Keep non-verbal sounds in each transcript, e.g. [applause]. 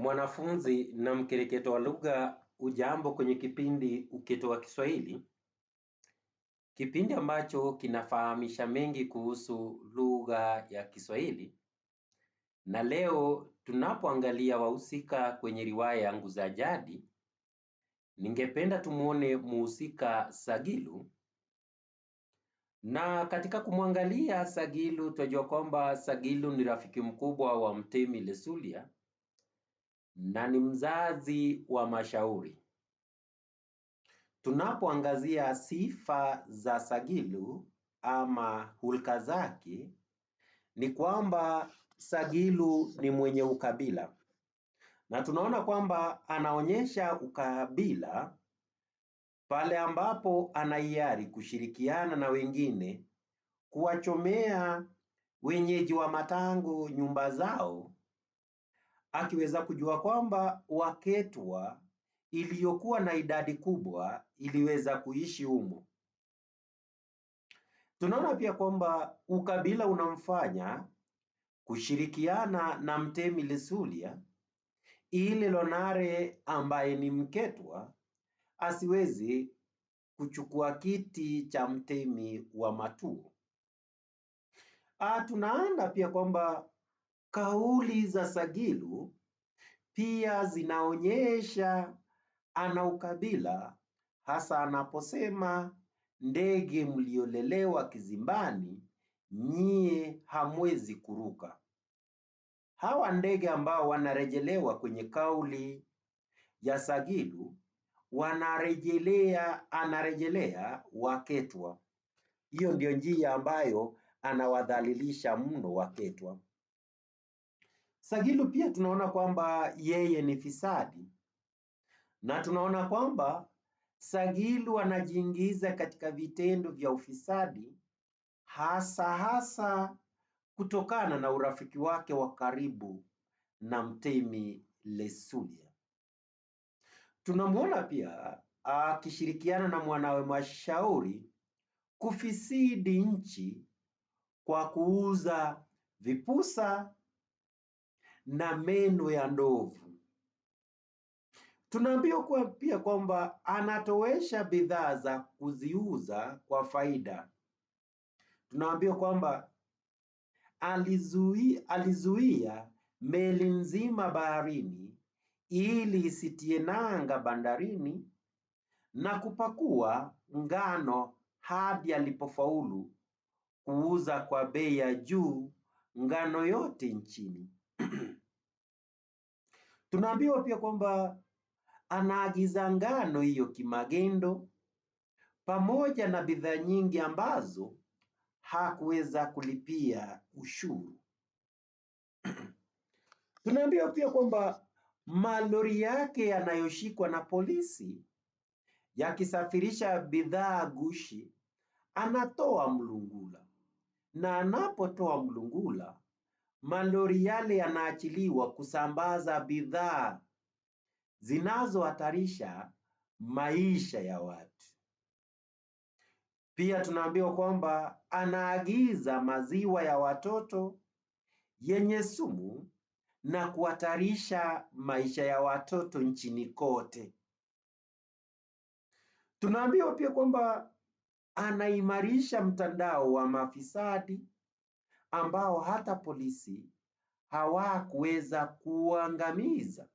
mwanafunzi na mkereketo wa lugha ujambo kwenye kipindi uketo wa kiswahili kipindi ambacho kinafahamisha mengi kuhusu lugha ya kiswahili na leo tunapoangalia wahusika kwenye riwaya yangu za jadi ningependa tumwone muhusika sagilu na katika kumwangalia sagilu tunajua kwamba sagilu ni rafiki mkubwa wa mtemi lesulia na ni mzazi wa mashauri Tunapoangazia sifa za Sagilu ama hulka zake ni kwamba Sagilu ni mwenye ukabila na tunaona kwamba anaonyesha ukabila pale ambapo ana hiari kushirikiana na wengine kuwachomea wenyeji wa matango nyumba zao akiweza kujua kwamba Waketwa iliyokuwa na idadi kubwa iliweza kuishi humo. Tunaona pia kwamba ukabila unamfanya kushirikiana na Mtemi Lesulia ili Lonare ambaye ni Mketwa asiwezi kuchukua kiti cha Mtemi wa Matuo. Ah, tunaona pia kwamba Kauli za Sagilu pia zinaonyesha ana ukabila hasa anaposema ndege mliolelewa kizimbani nyie hamwezi kuruka. Hawa ndege ambao wanarejelewa kwenye kauli ya Sagilu wanarejelea anarejelea Waketwa. Hiyo ndio njia ambayo anawadhalilisha mno Waketwa. Sagilu pia tunaona kwamba yeye ni fisadi na tunaona kwamba Sagilu anajiingiza katika vitendo vya ufisadi hasa hasa kutokana na urafiki wake wa karibu na Mtemi Lesulia. Tunamwona pia akishirikiana na mwanawe Mashauri kufisidi nchi kwa kuuza vipusa na meno ya ndovu. Tunaambiwa kwa pia kwamba anatowesha bidhaa za kuziuza kwa faida. Tunaambiwa kwamba alizui, alizuia meli nzima baharini ili isitie nanga bandarini na kupakua ngano hadi alipofaulu kuuza kwa bei ya juu ngano yote nchini. Tunaambiwa pia kwamba anaagiza ngano hiyo kimagendo pamoja na bidhaa nyingi ambazo hakuweza kulipia ushuru. [clears throat] Tunaambiwa pia kwamba malori yake yanayoshikwa na polisi yakisafirisha bidhaa gushi, anatoa mlungula na anapotoa mlungula Malori yale yanaachiliwa kusambaza bidhaa zinazohatarisha maisha ya watu. Pia tunaambiwa kwamba anaagiza maziwa ya watoto yenye sumu na kuhatarisha maisha ya watoto nchini kote. Tunaambiwa pia kwamba anaimarisha mtandao wa mafisadi ambao hata polisi hawakuweza kuangamiza,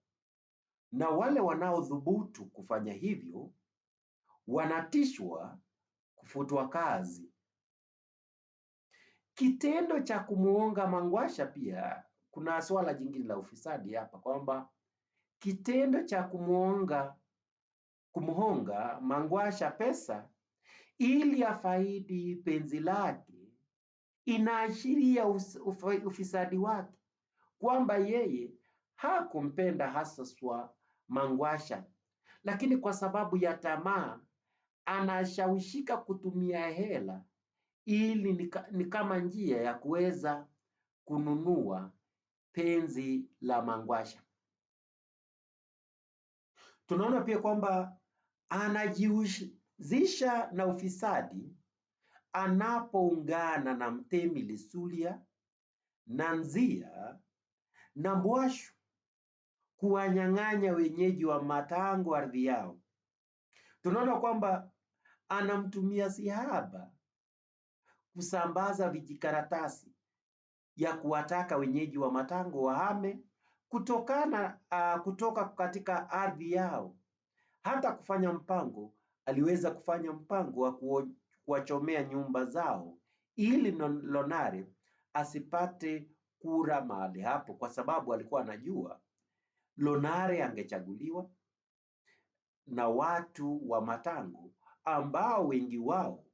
na wale wanaodhubutu kufanya hivyo wanatishwa kufutwa kazi. Kitendo cha kumuonga Mangwasha, pia kuna swala jingine la ufisadi hapa kwamba kitendo cha kumuonga kumhonga Mangwasha pesa ili afaidi penzi lake inaashiria ufisadi wake kwamba yeye hakumpenda Hasaswa Mangwasha, lakini kwa sababu ya tamaa anashawishika kutumia hela ili ni, ni kama njia ya kuweza kununua penzi la Mangwasha. Tunaona pia kwamba anajihusisha na ufisadi anapoungana na mtemi Lusulia na Nzia na Mbwashu kuwanyang'anya wenyeji wa Matango ardhi yao. Tunaona kwamba anamtumia Sihaba kusambaza vijikaratasi ya kuwataka wenyeji wa Matango wahame kutokana uh, kutoka katika ardhi yao. Hata kufanya mpango, aliweza kufanya mpango wa kuwachomea nyumba zao ili Lonare asipate kura mahali hapo, kwa sababu alikuwa anajua Lonare angechaguliwa na watu wa Matangu ambao wengi wao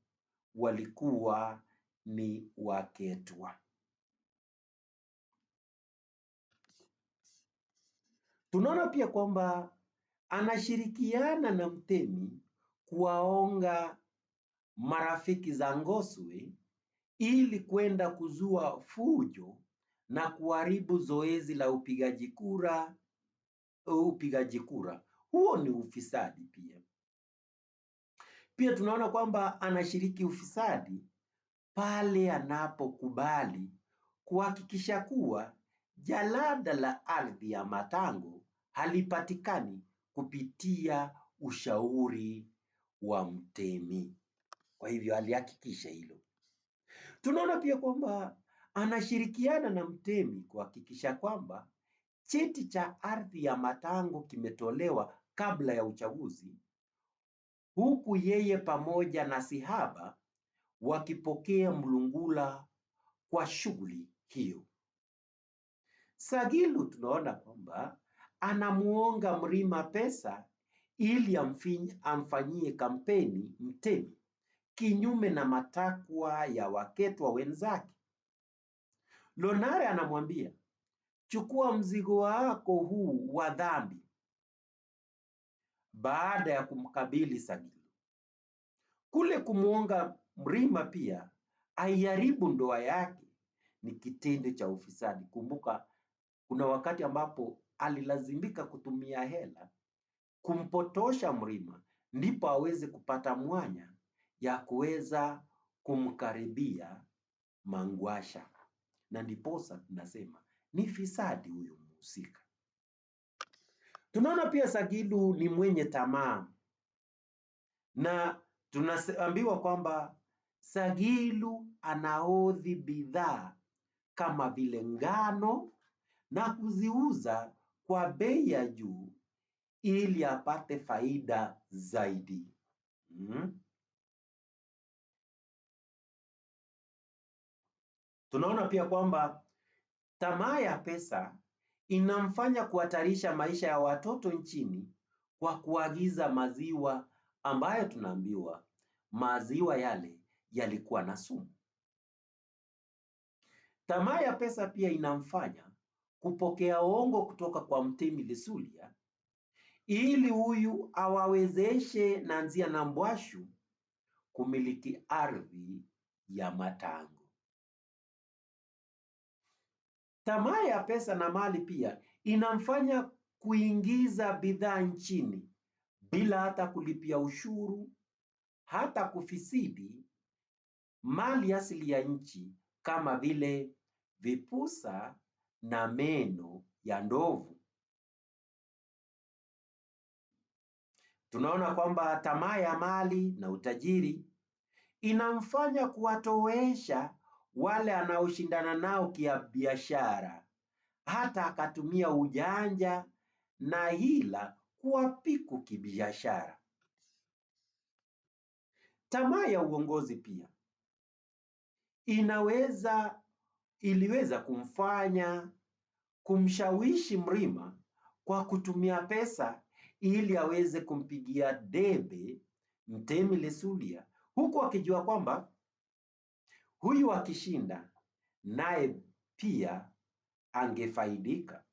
walikuwa ni Waketwa. Tunaona pia kwamba anashirikiana na Mtemi kuwaonga marafiki za Ngoswe ili kwenda kuzua fujo na kuharibu zoezi la upigaji kura upigaji kura. Huo ni ufisadi pia. Pia tunaona kwamba anashiriki ufisadi pale anapokubali kuhakikisha kuwa jalada la ardhi ya Matango halipatikani kupitia ushauri wa mtemi. Kwa hivyo alihakikisha hilo. Tunaona pia kwamba anashirikiana na mtemi kuhakikisha kwamba cheti cha ardhi ya Matango kimetolewa kabla ya uchaguzi, huku yeye pamoja na Sihaba wakipokea mlungula kwa shughuli hiyo. Sagilu tunaona kwamba anamuonga Mrima pesa ili amfanyie kampeni Mtemi kinyume na matakwa ya waketwa wenzake. Lonare anamwambia chukua mzigo wako huu wa dhambi. Baada ya kumkabili Sagili kule kumwonga Mrima pia aiharibu ndoa yake ni kitendo cha ufisadi. Kumbuka kuna wakati ambapo alilazimika kutumia hela kumpotosha Mrima ndipo aweze kupata mwanya ya kuweza kumkaribia Mangwasha, na ndiposa tunasema ni fisadi huyu mhusika. Tunaona pia Sagilu ni mwenye tamaa, na tunaambiwa kwamba Sagilu anaodhi bidhaa kama vile ngano na kuziuza kwa bei ya juu ili apate faida zaidi. Mm. Tunaona pia kwamba tamaa ya pesa inamfanya kuhatarisha maisha ya watoto nchini kwa kuagiza maziwa ambayo tunaambiwa maziwa yale yalikuwa na sumu. Tamaa ya pesa pia inamfanya kupokea ongo kutoka kwa Mtemi Lesulia ili huyu awawezeshe Nanzia na Mbwashu kumiliki ardhi ya Matango. Tamaa ya pesa na mali pia inamfanya kuingiza bidhaa nchini bila hata kulipia ushuru, hata kufisidi mali asili ya nchi kama vile vipusa na meno ya ndovu. Tunaona kwamba tamaa ya mali na utajiri inamfanya kuwatowesha wale anaoshindana nao biashara, hata akatumia ujanja na hila kuwapiku kibiashara. Tamaa ya uongozi pia inaweza iliweza kumfanya kumshawishi Mrima kwa kutumia pesa ili aweze kumpigia debe Mtemi Lesulia huku akijua kwamba Huyu akishinda naye pia angefaidika.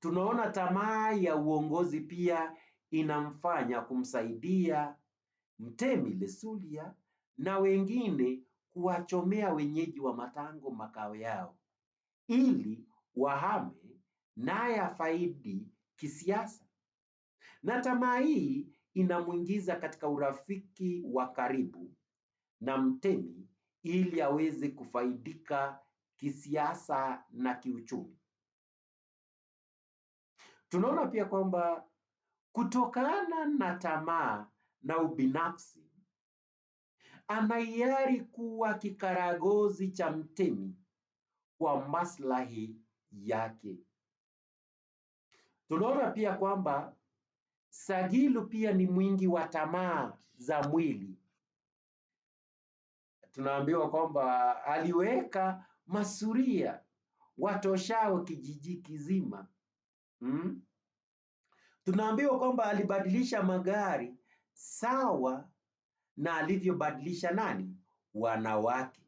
Tunaona tamaa ya uongozi pia inamfanya kumsaidia Mtemi Lesulia na wengine kuwachomea wenyeji wa Matango makao yao ili wahame, naye afaidi kisiasa, na tamaa hii inamwingiza katika urafiki wa karibu na mtemi ili aweze kufaidika kisiasa na kiuchumi. Tunaona pia kwamba kutokana na tamaa na ubinafsi, anahiari kuwa kikaragozi cha mtemi kwa maslahi yake. Tunaona pia kwamba Sagilu pia ni mwingi wa tamaa za mwili tunaambiwa kwamba aliweka masuria watoshao kijiji kizima hmm? Tunaambiwa kwamba alibadilisha magari sawa na alivyobadilisha nani, wanawake,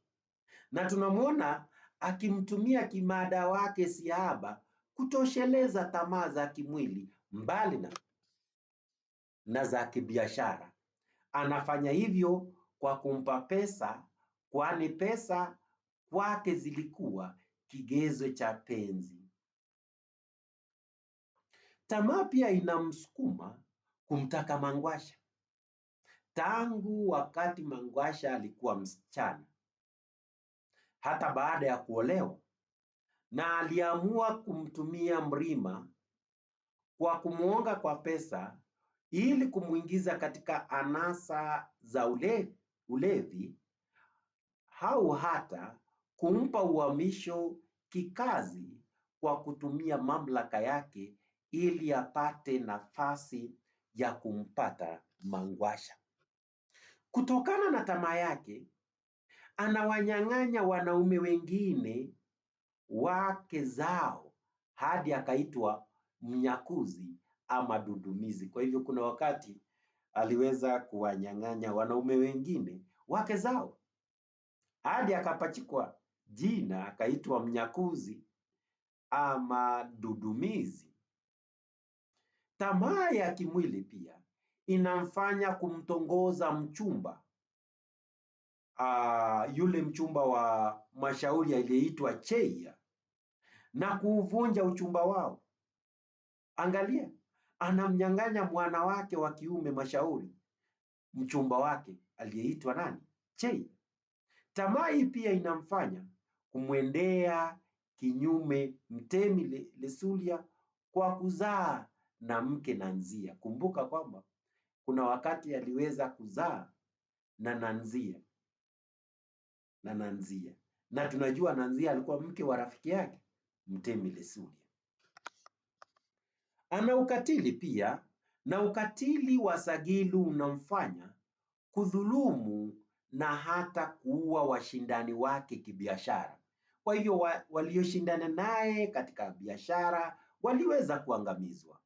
na tunamwona akimtumia kimada wake siaba kutosheleza tamaa za kimwili mbali na, na za kibiashara. Anafanya hivyo kwa kumpa pesa kwani pesa kwake zilikuwa kigezo cha penzi. Tamaa pia inamsukuma kumtaka Mangwasha. Tangu wakati Mangwasha alikuwa msichana, hata baada ya kuolewa, na aliamua kumtumia Mrima kwa kumwonga kwa pesa ili kumwingiza katika anasa za ule, ulevi au hata kumpa uhamisho kikazi kwa kutumia mamlaka yake ili apate nafasi ya kumpata Mangwasha. Kutokana na tamaa yake, anawanyang'anya wanaume wengine wake zao hadi akaitwa mnyakuzi ama dudumizi. Kwa hivyo kuna wakati aliweza kuwanyang'anya wanaume wengine wake zao hadi akapachikwa jina akaitwa mnyakuzi ama dudumizi. Tamaa ya kimwili pia inamfanya kumtongoza mchumba aa, ah, yule mchumba wa Mashauri aliyeitwa Cheia na kuuvunja uchumba wao. Angalia, anamnyang'anya mwana wake wa kiume Mashauri, mchumba wake aliyeitwa nani? Cheia. Tamaa hii pia inamfanya kumwendea kinyume mtemi Lesulia kwa kuzaa na mke Nanzia. Kumbuka kwamba kuna wakati aliweza kuzaa na Nanzia na Nanzia, na tunajua Nanzia alikuwa mke wa rafiki yake mtemi Lesulia. Ana ukatili pia, na ukatili wa Sagilu unamfanya kudhulumu na hata kuua washindani wake kibiashara. Kwa hivyo wa, walioshindana naye katika biashara waliweza kuangamizwa.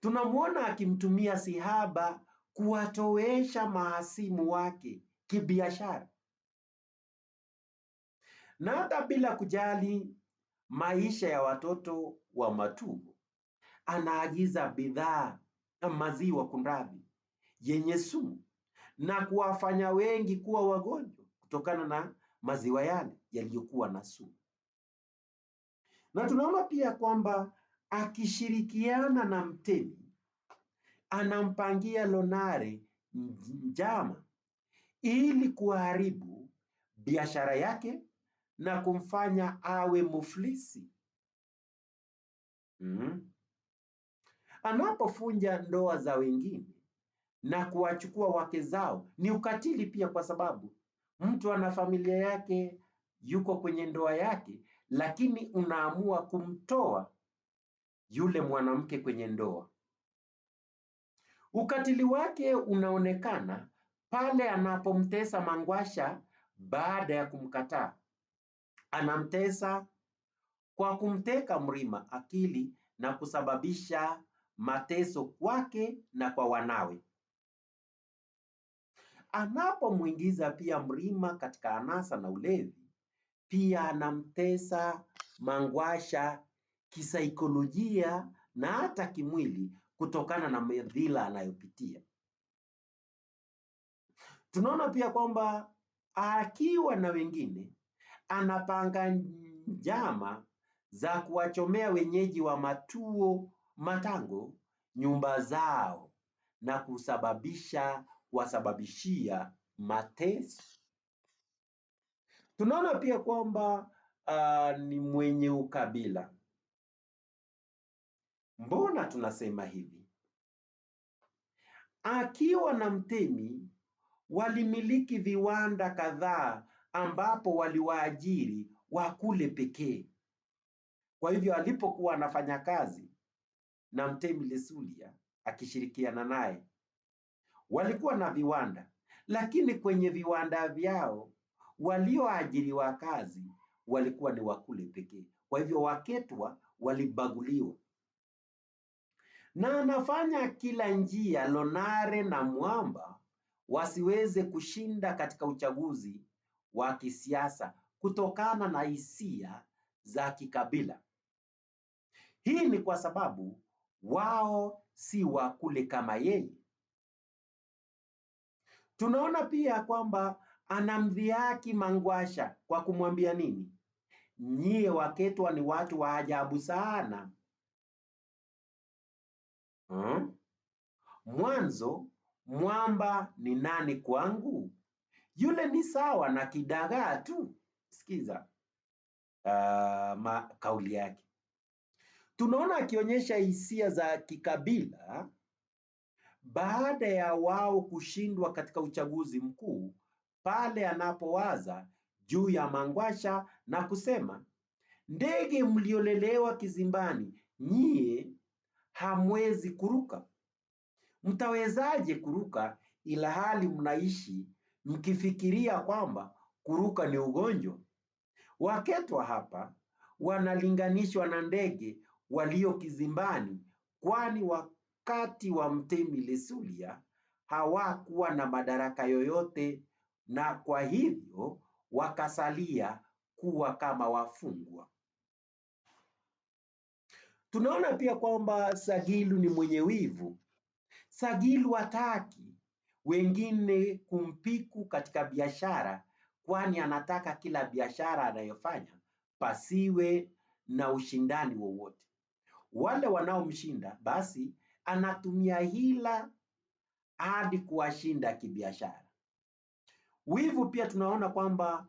Tunamwona akimtumia Sihaba kuwatowesha mahasimu wake kibiashara, na hata bila kujali maisha ya watoto wa Matumbo, anaagiza bidhaa maziwa, kunradhi, yenye sumu na kuwafanya wengi kuwa wagonjwa kutokana na maziwa yale yaliyokuwa na sumu. Na tunaona pia kwamba akishirikiana na mtemi anampangia Lonare njama ili kuharibu biashara yake na kumfanya awe muflisi. Mm. Anapofunja ndoa za wengine na kuwachukua wake zao ni ukatili pia, kwa sababu mtu ana familia yake, yuko kwenye ndoa yake, lakini unaamua kumtoa yule mwanamke kwenye ndoa. Ukatili wake unaonekana pale anapomtesa Mangwasha baada ya kumkataa. Anamtesa kwa kumteka Mrima akili na kusababisha mateso kwake na kwa wanawe. Anapomwingiza pia Mrima katika anasa na ulevi, pia anamtesa Mangwasha kisaikolojia na hata kimwili kutokana na madhila anayopitia. Tunaona pia kwamba akiwa na wengine anapanga njama za kuwachomea wenyeji wa Matuo Matango nyumba zao na kusababisha kuwasababishia mateso. Tunaona pia kwamba uh, ni mwenye ukabila. Mbona tunasema hivi? Akiwa na Mtemi walimiliki viwanda kadhaa ambapo waliwaajiri wakule pekee. Kwa hivyo alipokuwa anafanya kazi na Mtemi Lesulia akishirikiana naye walikuwa na viwanda, lakini kwenye viwanda vyao walioajiriwa kazi walikuwa ni Wakule pekee. Kwa hivyo, Waketwa walibaguliwa, na anafanya kila njia Lonare na Mwamba wasiweze kushinda katika uchaguzi wa kisiasa kutokana na hisia za kikabila. Hii ni kwa sababu wao si Wakule kama yeye. Tunaona pia kwamba anamdhihaki Mangwasha kwa kumwambia nini? Nyie Waketwa ni watu wa ajabu sana hmm? Mwanzo mwamba ni nani kwangu? Yule ni sawa na kidagaa tu. Sikiza uh, kauli yake. Tunaona akionyesha hisia za kikabila baada ya wao kushindwa katika uchaguzi mkuu pale anapowaza juu ya Mangwasha na kusema, ndege mliolelewa kizimbani, nyie hamwezi kuruka. Mtawezaje kuruka ila hali mnaishi mkifikiria kwamba kuruka ni ugonjwa? Waketwa hapa wanalinganishwa na ndege walio kizimbani, kwani wa wakati wa Mtemi Lesulia hawakuwa na madaraka yoyote na kwa hivyo wakasalia kuwa kama wafungwa. Tunaona pia kwamba Sagilu ni mwenye wivu. Sagilu hataki wengine kumpiku katika biashara, kwani anataka kila biashara anayofanya pasiwe na ushindani wowote. Wale wanaomshinda basi anatumia hila hadi kuwashinda kibiashara. Wivu pia tunaona kwamba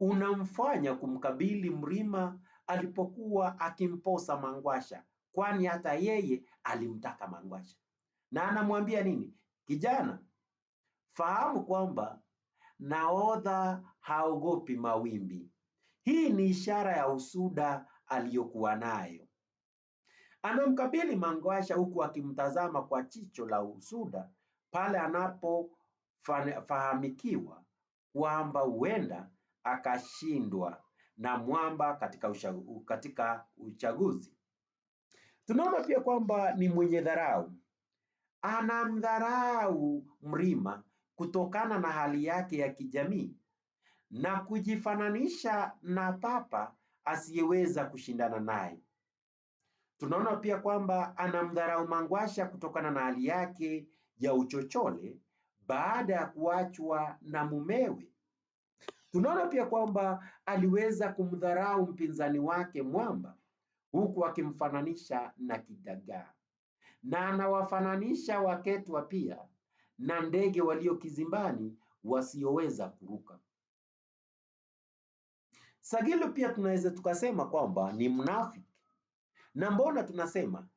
unamfanya kumkabili Mrima alipokuwa akimposa Mangwasha, kwani hata yeye alimtaka Mangwasha, na anamwambia nini? Kijana, fahamu kwamba naodha haogopi mawimbi. Hii ni ishara ya usuda aliyokuwa nayo. Anamkabili Mangwasha huku akimtazama kwa jicho la usuda pale anapofahamikiwa kwamba huenda akashindwa na Mwamba katika, ushagu, katika uchaguzi. Tunaona pia kwamba ni mwenye dharau, anamdharau Mrima kutokana na hali yake ya kijamii na kujifananisha na papa asiyeweza kushindana naye. Tunaona pia kwamba anamdharau Mangwasha kutokana na hali yake ya uchochole baada ya kuachwa na mumewe. Tunaona pia kwamba aliweza kumdharau mpinzani wake Mwamba huku akimfananisha na kidagaa, na anawafananisha Waketwa pia na ndege walio kizimbani wasioweza kuruka. Sagilu pia tunaweza tukasema kwamba ni mnafiki na mbona tunasema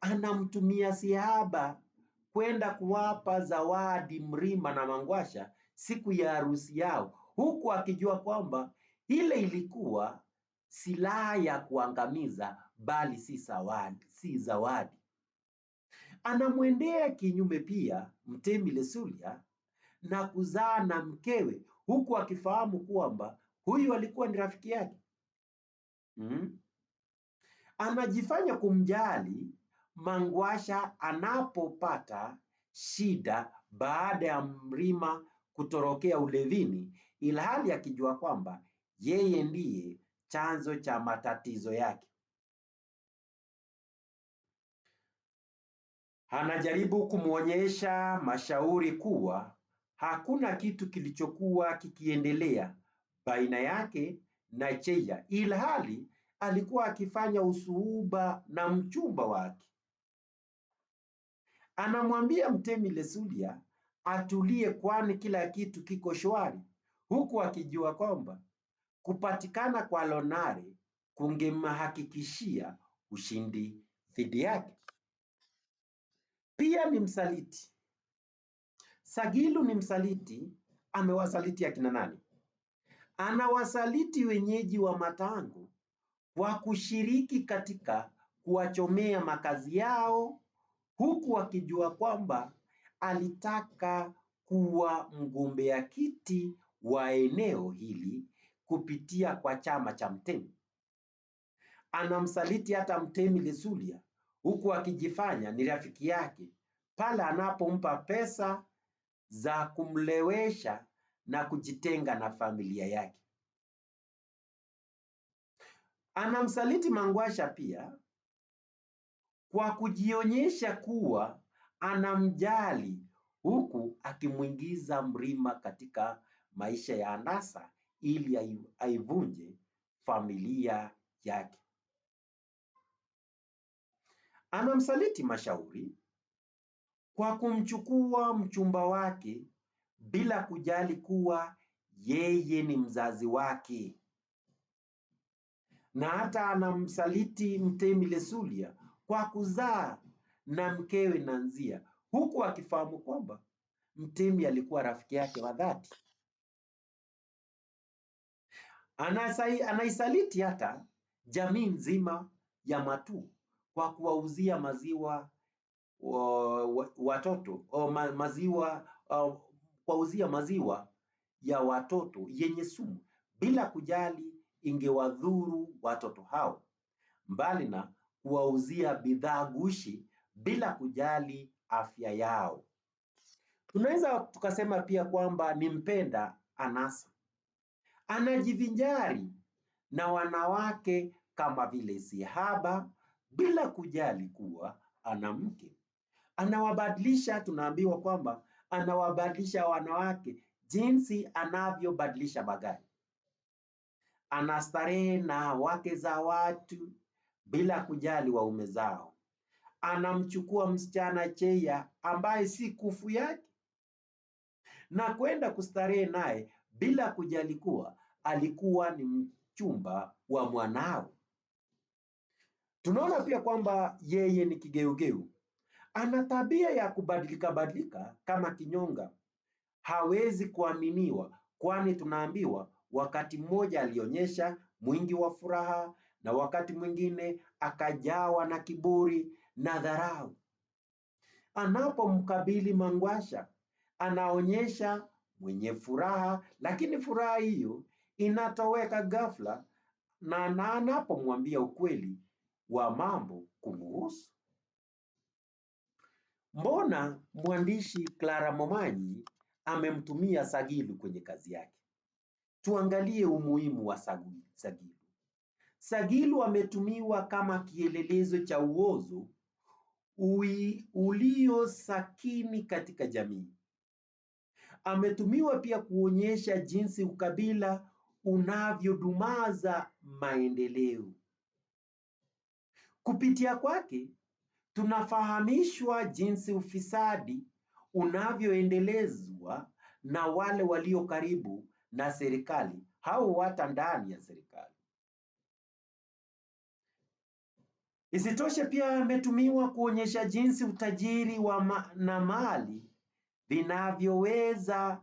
anamtumia Sihaba kwenda kuwapa zawadi Mrima na Mangwasha siku ya harusi yao, huku akijua kwamba ile ilikuwa silaha ya kuangamiza, bali si zawadi, si zawadi. Anamwendea kinyume pia Mtemi Lesulia na kuzaa na mkewe, huku akifahamu kwamba huyu alikuwa ni rafiki yake mm -hmm. Anajifanya kumjali Mangwasha anapopata shida baada ya Mrima kutorokea ulevini, ilhali akijua kwamba yeye ndiye chanzo cha matatizo yake. Anajaribu kumwonyesha Mashauri kuwa hakuna kitu kilichokuwa kikiendelea baina yake na Cheya, ilhali alikuwa akifanya usuhuba na mchumba wake. Anamwambia mtemi Lesulia atulie, kwani kila kitu kiko shwari, huku akijua kwamba kupatikana kwa Lonare kungemhakikishia ushindi dhidi yake. Pia ni msaliti. Sagilu ni msaliti. Amewasaliti akina nani? Anawasaliti wenyeji wa Matango wa kushiriki katika kuwachomea makazi yao huku wakijua kwamba alitaka kuwa mgombea kiti wa eneo hili kupitia kwa chama cha Mtemi. Anamsaliti hata Mtemi Lesulia huku akijifanya ni rafiki yake pale anapompa pesa za kumlewesha na kujitenga na familia yake. Anamsaliti Mangwasha pia kwa kujionyesha kuwa anamjali huku akimwingiza Mrima katika maisha ya anasa ili aivunje familia yake. Anamsaliti Mashauri kwa kumchukua mchumba wake bila kujali kuwa yeye ni mzazi wake na hata anamsaliti mtemi Lesulia kwa kuzaa na mkewe Nanzia, huku akifahamu kwamba mtemi alikuwa rafiki yake wa dhati. Anasai, anaisaliti hata jamii nzima ya Matuu kwa kuwauzia maziwa watoto o, ma, maziwa o, kuwauzia maziwa ya watoto yenye sumu bila kujali ingewadhuru watoto hao, mbali na kuwauzia bidhaa gushi bila kujali afya yao. Tunaweza tukasema pia kwamba ni mpenda anasa, anajivinjari na wanawake kama vile sihaba bila kujali kuwa ana mke. Anawabadilisha, tunaambiwa kwamba anawabadilisha wanawake jinsi anavyobadilisha magari anastarehe na wake za watu bila kujali waume zao. Anamchukua msichana cheya ambaye si kufu yake na kwenda kustarehe naye bila kujali kuwa alikuwa ni mchumba wa mwanao Tunaona pia kwamba yeye ni kigeugeu, ana tabia ya kubadilika badilika kama kinyonga. Hawezi kuaminiwa, kwani tunaambiwa Wakati mmoja alionyesha mwingi wa furaha na wakati mwingine akajawa na kiburi na dharau. Anapomkabili Mangwasha, anaonyesha mwenye furaha, lakini furaha hiyo inatoweka ghafla na na anapomwambia ukweli wa mambo kumuhusu. Mbona mwandishi Clara Momanyi amemtumia Sagilu kwenye kazi yake? Tuangalie umuhimu wa Sagilu. Sagilu ametumiwa kama kielelezo cha uozo ulio sakini katika jamii. Ametumiwa pia kuonyesha jinsi ukabila unavyodumaza maendeleo. Kupitia kwake tunafahamishwa jinsi ufisadi unavyoendelezwa na wale walio karibu na serikali au hata ndani ya serikali. Isitoshe, pia ametumiwa kuonyesha jinsi utajiri wa ma na mali vinavyoweza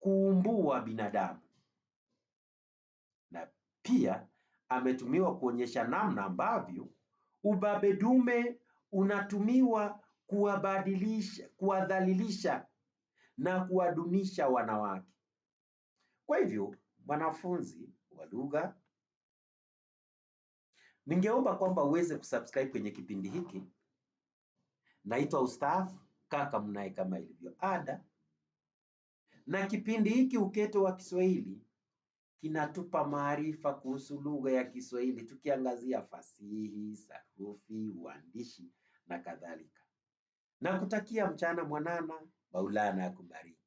kuumbua binadamu, na pia ametumiwa kuonyesha namna ambavyo ubabe dume unatumiwa kuwabadilisha, kuwadhalilisha na kuwadunisha wanawake. Kwa hivyo mwanafunzi wa lugha, ningeomba kwamba uweze kusubscribe kwenye kipindi hiki. Naitwa Ustaf Kaka Mnae kama ilivyo ada, na kipindi hiki Uketo wa Kiswahili kinatupa maarifa kuhusu lugha ya Kiswahili tukiangazia fasihi, sarufi, uandishi na kadhalika. Na kutakia mchana mwanana, Maulana akubariki.